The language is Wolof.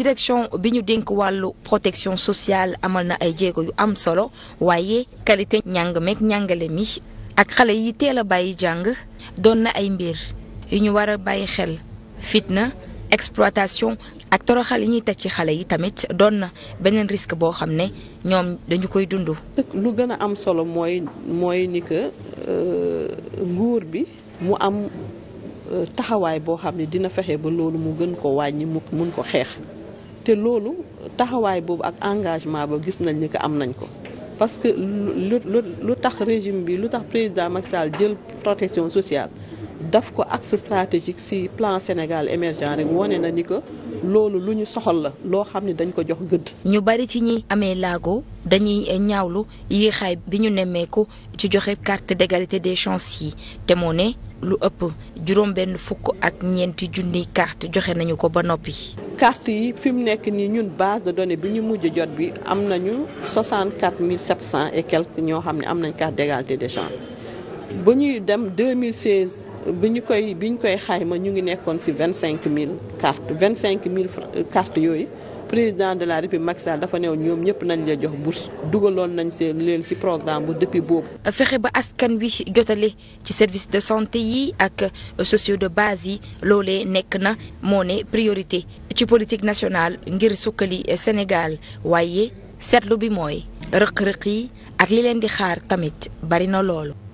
direction bi ñu dénk wàllu protection sociale amal na ay jéego yu am solo waaye qualité njàng meeg njàngale mi ak xale yi teel a bàyyi jàng doon na ay mbir yu ñu war a bàyyi xel fitna exploitation ak toroxal yi ñuy teg ci xale yi tamit doon na beneen risque boo xam ne ñoom dañu koy dund. lu gën a am solo mooy mooy ni que euh, nguur bi mu am euh, taxawaay boo xam ne dina fexe ba loolu mu gën ko wàññi mu mun ko xeex. te loolu taxawaay boobu ak engagement ba gis nañ ni ko am nañ ko parce que lu lu tax régime bi lu tax président Macky Sall jël protection sociale daf ko axe stratégique ci plan Sénégal émergent rek wone na ni ko loolu lu ñu soxal la loo xam ne dañ ko jox gëdd. ñu bari ci ñi amee laago dañuy ñaawlu yéexaay bi ñu nemmeeku ci joxe carte d'égalité des chances yi te moo ne lu ëpp juróom benn fukk ak ñeenti junniy carte joxe nañu ko ba noppi. carte yi fi mu nekk nii ñun base de données bi ñu mujj jot bi am nañu 64 700 et quelques ñoo xam ne am nañ carte d'égalité des chances bu ñuy dem 2016 bi ñu koy bi ñu koy ma ñu ngi nekkoon ci mille 000 vingt cinq 000 cartes yooyu. président de la république Macky Sall dafa new ñoom ñëpp nañ la jox bourse dugaloon nañ seen leen ci programme bu depuis boobu. fexe ba askan wi jotale ci service de santé yi ak sociaux de base yi loole nekk na moo ne priorité ci politique nationale ngir sukkali Sénégal waaye seetlu bi mooy rëq-rëq yi ak li leen di xaar tamit bari na loolu.